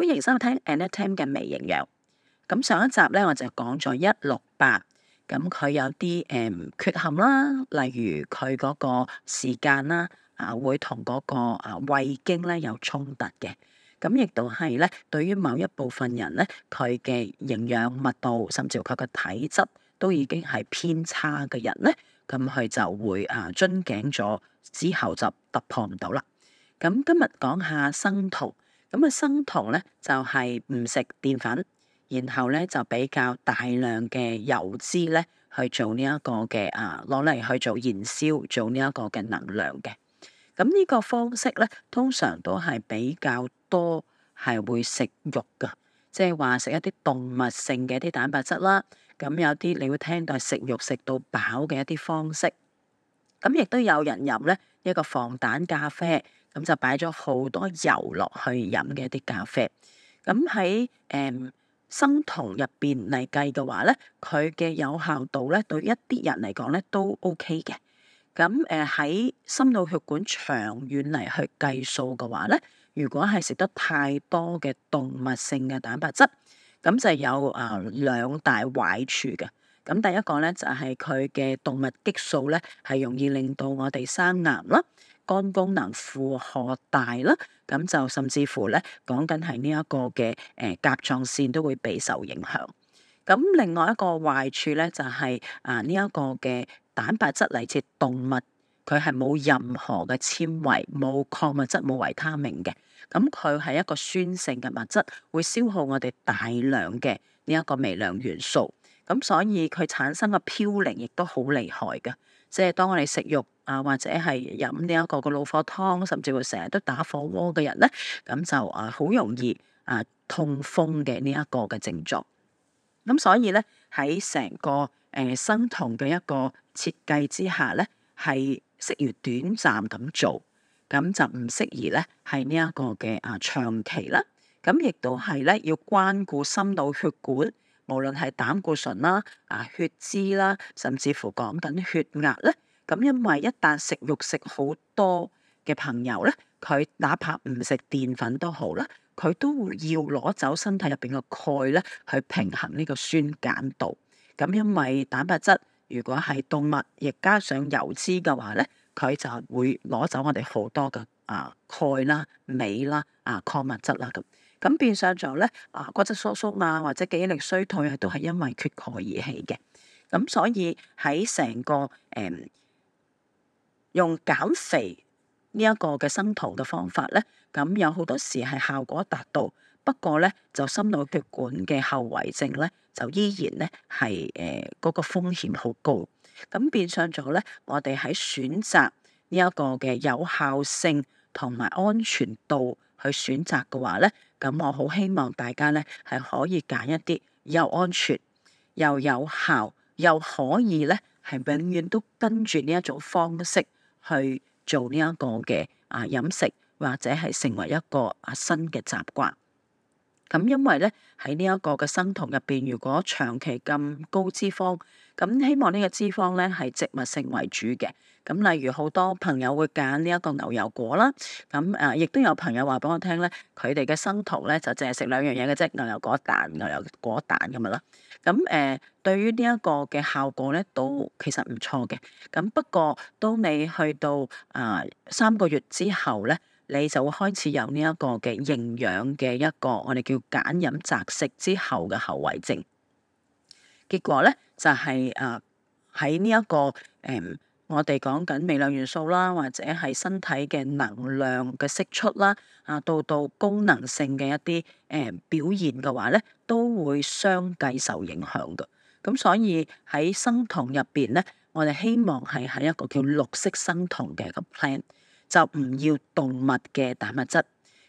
歡迎收聽 Annette Tam 嘅微營養。咁上一集咧，我就講咗一六八，咁佢有啲誒缺陷啦，例如佢嗰個時間啦，啊會同嗰個啊胃經咧有衝突嘅，咁亦都係咧對於某一部分人咧，佢嘅營養密度甚至乎佢嘅體質都已經係偏差嘅人咧，咁佢就會啊樽頸咗之後就突破唔到啦。咁今日講下生酮。咁啊，生酮咧就係唔食澱粉，然後咧就比較大量嘅油脂咧去做呢一個嘅啊，攞嚟去做燃燒，做呢一個嘅能量嘅。咁呢個方式咧，通常都係比較多係會食肉噶，即係話食一啲動物性嘅一啲蛋白質啦。咁有啲你會聽到食肉食到飽嘅一啲方式。咁亦都有人飲咧一個防彈咖啡。咁就擺咗好多油落去飲嘅一啲咖啡。咁喺誒生酮入邊嚟計嘅話咧，佢嘅有效度咧對一啲人嚟講咧都 OK 嘅。咁誒喺心腦血管長遠嚟去計數嘅話咧，如果係食得太多嘅動物性嘅蛋白質，咁就有啊兩大壞處嘅。咁第一個咧就係佢嘅動物激素咧係容易令到我哋生癌啦。肝功能負荷大啦，咁就甚至乎咧，講緊係呢一個嘅誒甲狀腺都會備受影響。咁另外一個壞處咧就係啊呢一個嘅蛋白質嚟自動物，佢係冇任何嘅纖維、冇礦物質、冇維他命嘅。咁佢係一個酸性嘅物質，會消耗我哋大量嘅呢一個微量元素。咁所以佢產生嘅嘌呤亦都好厲害嘅。即係當我哋食肉啊，或者係飲呢一個嘅老火湯，甚至乎成日都打火鍋嘅人咧，咁就啊好容易啊痛風嘅呢個、呃、一個嘅症狀。咁所以咧，喺成個誒生酮嘅一個設計之下咧，係適宜短暫咁做，咁就唔適宜咧係呢一個嘅啊長期啦。咁亦都係咧要關顧心腦血管。無論係膽固醇啦、啊血脂啦，甚至乎講緊血壓咧，咁因為一旦食肉食好多嘅朋友咧，佢哪怕唔食澱粉都好啦，佢都會要攞走身體入邊嘅鈣咧去平衡呢個酸鹼度。咁因為蛋白質如果係動物，亦加上油脂嘅話咧，佢就會攞走我哋好多嘅啊鈣啦、鎂啦、啊礦物質啦咁。咁變相咗咧，啊骨質疏鬆啊，或者肌力衰退啊，都係因為缺鈣而起嘅。咁所以喺成個誒、嗯、用減肥呢一個嘅生酮嘅方法咧，咁有好多時係效果達到，不過咧就心腦血管嘅後遺症咧，就依然咧係誒嗰個風險好高。咁變相咗咧，我哋喺選擇呢一個嘅有效性同埋安全度，去選擇嘅話咧，咁我好希望大家咧係可以揀一啲又安全又有效又可以咧係永遠都跟住呢一種方式去做呢一個嘅啊飲食或者係成為一個啊新嘅習慣。咁因為咧喺呢一個嘅生酮入邊，如果長期咁高脂肪，咁希望呢個脂肪咧係植物性為主嘅。咁例如好多朋友會揀呢一個牛油果啦。咁誒，亦都有朋友話俾我聽咧，佢哋嘅生酮咧就淨係食兩樣嘢嘅啫，牛油果蛋、牛油果蛋咁樣啦。咁誒，對於呢一個嘅效果咧，都其實唔錯嘅。咁不過到你去到啊三個月之後咧。你就會開始有呢一個嘅營養嘅一個我哋叫揀飲擇食之後嘅後遺症。結果咧就係、是、啊喺呢一個誒、嗯，我哋講緊微量元素啦，或者係身體嘅能量嘅釋出啦啊，到到功能性嘅一啲誒、嗯、表現嘅話咧，都會相繼受影響嘅。咁所以喺生酮入邊咧，我哋希望係喺一個叫綠色生酮嘅個 plan。就唔要動物嘅蛋白質，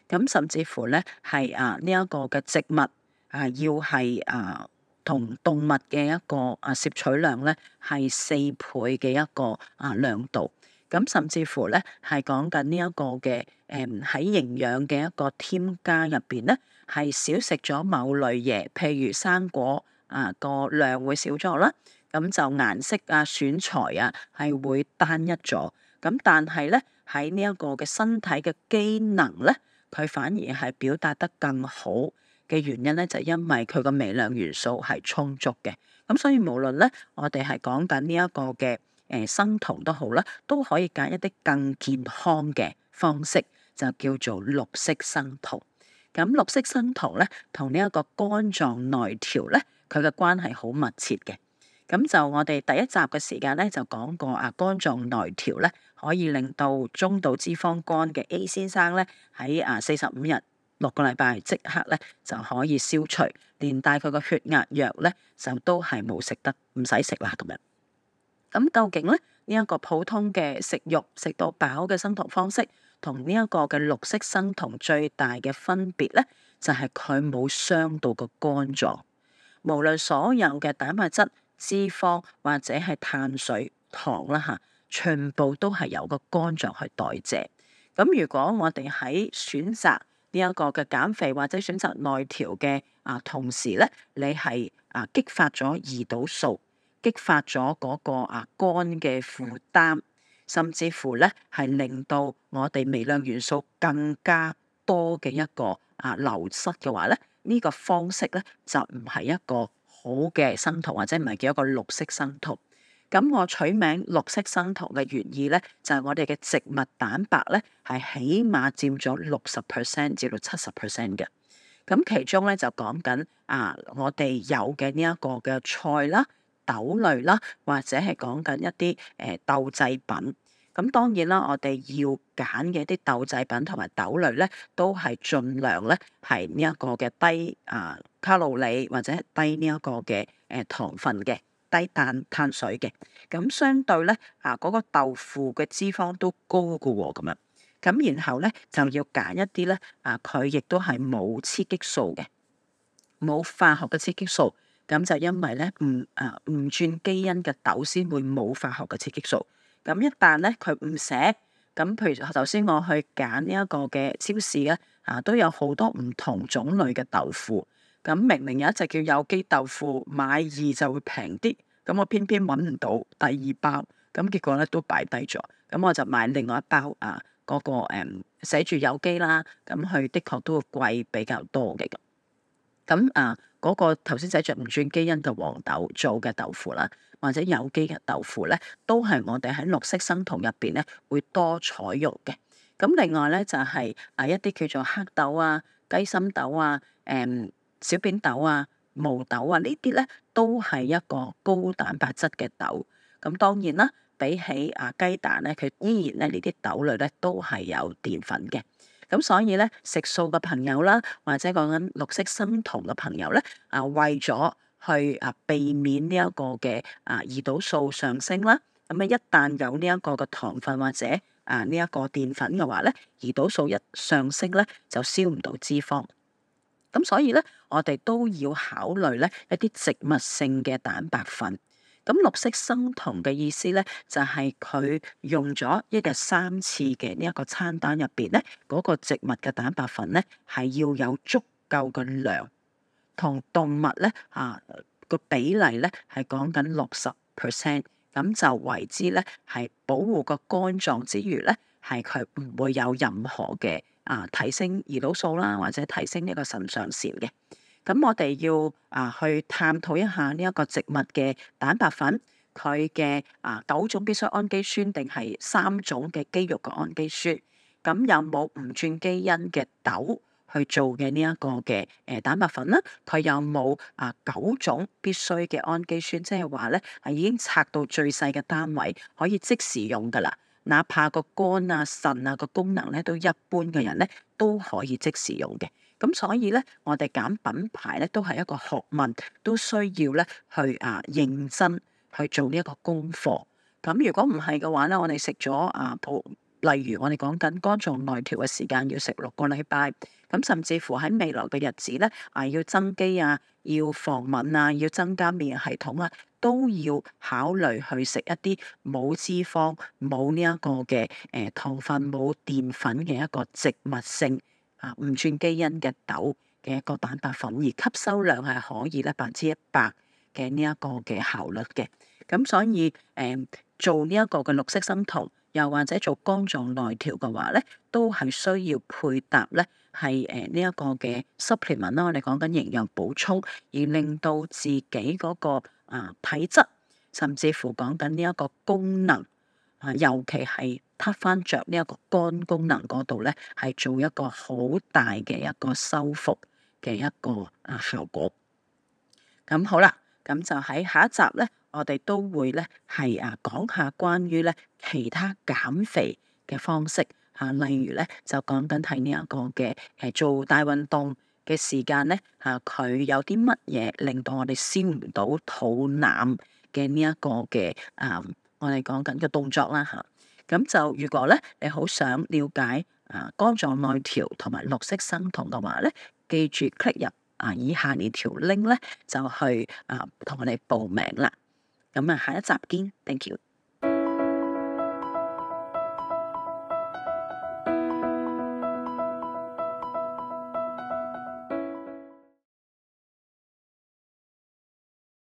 咁甚至乎咧係啊呢一個嘅植物啊要係啊同動物嘅一個啊攝取量咧係四倍嘅一個啊量度，咁甚至乎咧係講緊呢一個嘅誒喺營養嘅一個添加入邊咧係少食咗某類嘢，譬如生果啊個量會少咗啦，咁就顏色啊選材啊係會單一咗。咁但係咧，喺呢一個嘅身體嘅機能咧，佢反而係表達得更好嘅原因咧，就係因為佢個微量元素係充足嘅。咁所以無論咧，我哋係講緊呢一個嘅誒生酮都好啦，都可以揀一啲更健康嘅方式，就叫做綠色生酮。咁綠色生酮咧，同呢一個肝臟內調咧，佢嘅關係好密切嘅。咁就我哋第一集嘅時間咧，就講過啊，肝臟內調咧，可以令到中度脂肪肝嘅 A 先生咧，喺啊四十五日六個禮拜即刻咧就可以消除，連帶佢個血壓藥咧就都係冇食得，唔使食啦咁樣。咁究竟咧呢一個普通嘅食肉食到飽嘅生酮方式，同呢一個嘅綠色生酮最大嘅分別咧，就係佢冇傷到個肝臟，無論所有嘅蛋白質。脂肪或者係碳水糖啦吓，全部都係由個肝臟去代謝。咁如果我哋喺選擇呢一個嘅減肥或者選擇內調嘅啊，同時咧，你係啊激發咗胰島素，激發咗嗰個啊肝嘅負擔，甚至乎咧係令到我哋微量元素更加多嘅一個啊流失嘅話咧，呢個方式咧就唔係一個。好嘅生酮，或者唔係叫一個綠色生酮。咁我取名綠色生酮嘅原意咧，就係、是、我哋嘅植物蛋白咧，係起碼佔咗六十 percent 至到七十 percent 嘅。咁其中咧就講緊啊，我哋有嘅呢一個嘅菜啦、豆類啦，或者係講緊一啲誒、呃、豆製品。咁當然啦，我哋要揀嘅啲豆製品同埋豆類咧，都係盡量咧係呢一個嘅低啊、呃、卡路里或者低呢一個嘅誒糖分嘅低碳碳水嘅。咁相對咧啊嗰、那個豆腐嘅脂肪都高㗎喎，哦，咁樣。咁然後咧就要揀一啲咧啊，佢亦都係冇雌激素嘅，冇化學嘅雌激素。咁就因為咧唔啊唔轉基因嘅豆先會冇化學嘅雌激素。咁一旦咧佢唔寫咁，譬如頭先我去揀呢一個嘅超市咧啊，都有好多唔同種類嘅豆腐。咁明明有一隻叫有機豆腐，買二就會平啲。咁我偏偏揾唔到第二包，咁結果咧都擺低咗。咁我就買另外一包啊，嗰、嗰個誒寫住有機啦。咁、啊、佢的確都會貴比較多嘅咁咁啊。嗰個頭先仔着唔轉基因嘅黃豆做嘅豆腐啦，或者有機嘅豆腐咧，都係我哋喺綠色生酮入邊咧會多採用嘅。咁另外咧就係、是、啊一啲叫做黑豆啊、雞心豆啊、誒、嗯、小扁豆啊、毛豆啊呢啲咧都係一個高蛋白質嘅豆。咁當然啦，比起啊雞蛋咧，佢依然咧呢啲豆類咧都係有澱粉嘅。咁所以咧，食素嘅朋友啦，或者講緊綠色生酮嘅朋友咧，啊，為咗去啊避免呢一個嘅啊胰島素上升啦，咁啊一旦有呢一個嘅糖分或者啊呢一個澱粉嘅話咧，胰島素一上升咧就燒唔到脂肪。咁所以咧，我哋都要考慮咧一啲植物性嘅蛋白粉。咁綠色生酮嘅意思咧，就係、是、佢用咗一日三次嘅呢一個餐單入邊咧，嗰、那個植物嘅蛋白粉咧，係要有足夠嘅量，同動物咧啊個比例咧係講緊六十 percent，咁就為之咧係保護個肝臟之餘咧，係佢唔會有任何嘅啊提升胰島素啦，或者提升呢個腎上腺嘅。咁我哋要啊去探討一下呢一個植物嘅蛋白粉，佢嘅啊九種必須氨基酸定係三種嘅肌肉嘅氨基酸？咁有冇唔轉基因嘅豆去做嘅呢一個嘅誒蛋白粉咧？佢有冇啊九種必須嘅氨基酸？即係話咧已經拆到最細嘅單位，可以即時用噶啦。哪怕個肝啊腎啊、個功能咧都一般嘅人咧都可以即時用嘅。咁所以咧，我哋揀品牌咧都係一個學問，都需要咧去啊認真去做呢一個功課。咁如果唔係嘅話咧，我哋食咗啊，例如我哋講緊肝臟內調嘅時間要食六個禮拜，咁甚至乎喺未來嘅日子咧啊，要增肌啊，要防敏啊，要增加免疫系統咧、啊，都要考慮去食一啲冇脂肪、冇呢一個嘅誒、欸、糖分、冇澱粉嘅一個植物性。啊，唔轉基因嘅豆嘅一個蛋白粉，而吸收量係可以咧百分之一百嘅呢一個嘅效率嘅。咁所以誒、呃、做呢一個嘅綠色生酮，又或者做肝臟內調嘅話咧，都係需要配搭咧係誒呢一、呃這個嘅 supplement 啦。我哋講緊營養補充，而令到自己嗰、那個啊、呃、體質，甚至乎講緊呢一個功能啊，尤其係，撻翻着呢一個肝功能嗰度咧，係做一個好大嘅一個修復嘅一個啊效果。咁好啦，咁就喺下一集咧，我哋都會咧係啊講下關於咧其他減肥嘅方式吓、啊，例如咧就講緊睇呢一個嘅誒做大運動嘅時間咧吓，佢、啊、有啲乜嘢令到我哋燒唔到肚腩嘅呢一個嘅啊，我哋講緊嘅動作啦吓。啊咁就如果咧，你好想了解啊肝臟內調同埋綠色生酮嘅話咧，記住 click 入啊以下呢條 link 咧，就去啊同我哋報名啦。咁啊，下一集見，thank you。